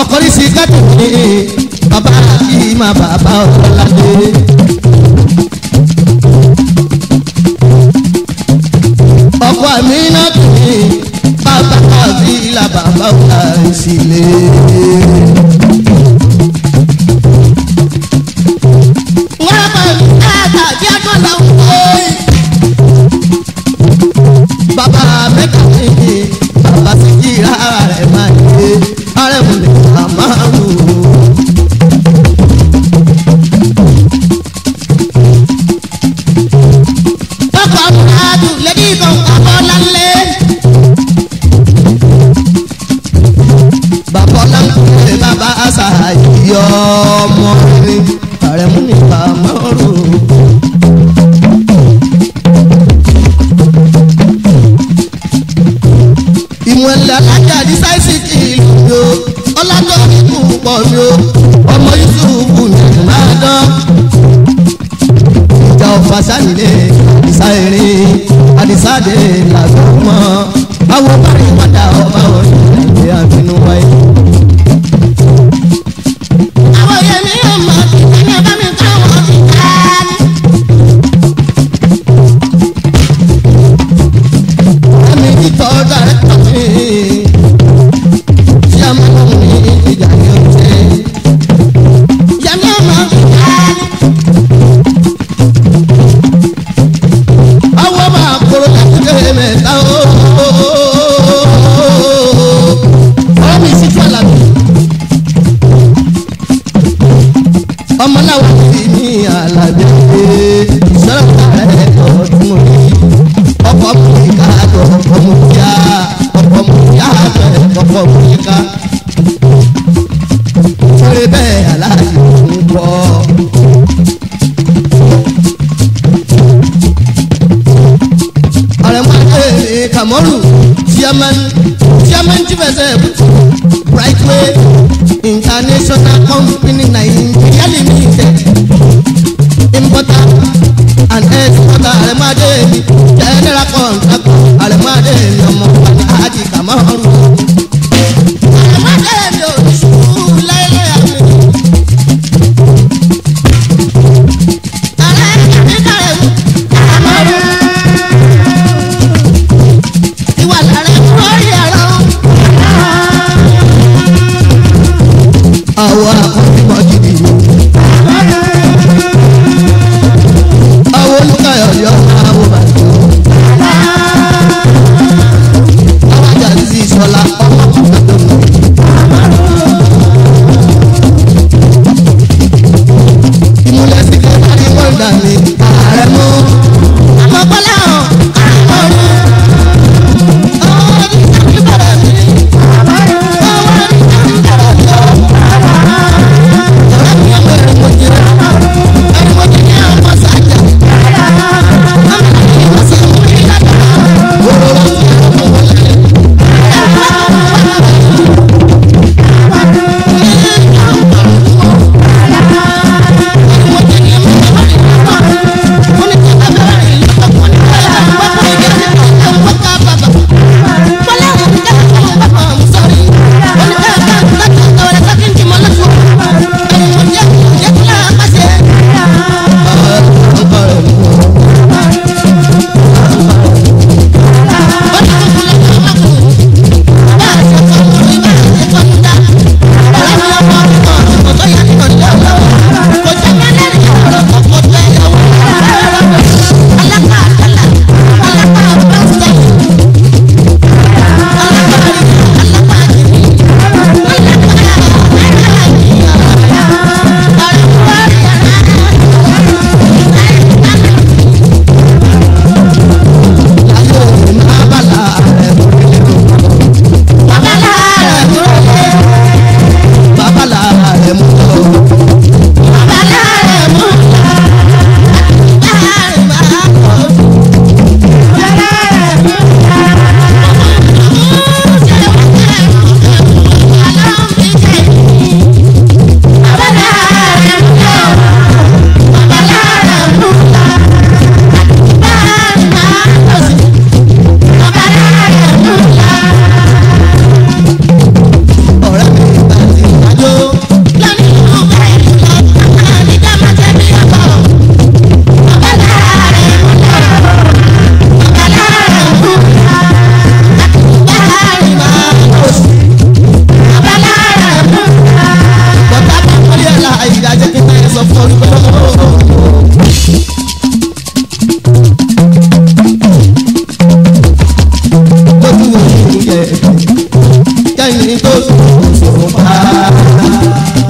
ọkọ̀ ní sí kádùnmí bàbá kí má bàbá ọ̀làdé. ọkọ̀ àmì náà kì í bàbá kàbí là bàbá ọ̀làdé sílé. mi o ọmọ yusufu nìyẹn máa dán. ìjà ọ̀fà sálílé ìsá erin àdìsáde làgbọ̀n mọ́ àwọn padà ọba òní ìgbé àbínú wáyé. àwọn yẹn ní ọmọ. ọmọláwọ sì ní àlàdé ìṣọ́ra rẹ̀ lọ́dún mi ọkọ̀ mú ìka àtọ̀ ọkọ̀ mú ìyá ọkọ̀ mú ìyá àtọ̀ ọkọ̀ mú ìka. sọ́rẹ́ bẹ́ẹ̀ aláàyè ń wọ́. ọ̀rẹ́ mú àgbẹ̀ kàmọ́rù chairman chairman ti fẹsẹ̀ kùtù brightway international company nigeria limited importer and exporter àrẹ̀mọ́ adé mi general contractor àrẹ̀mọ́ adé mi ọmọ wa ní àdìgbà mọ́rùn.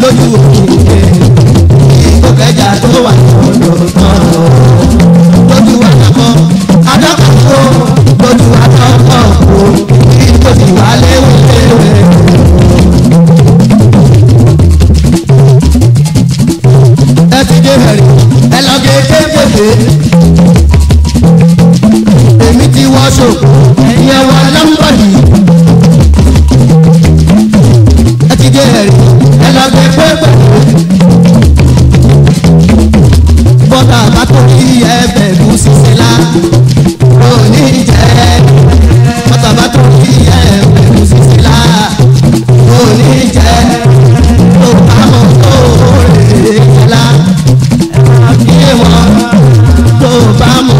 lójú òkú bá mú.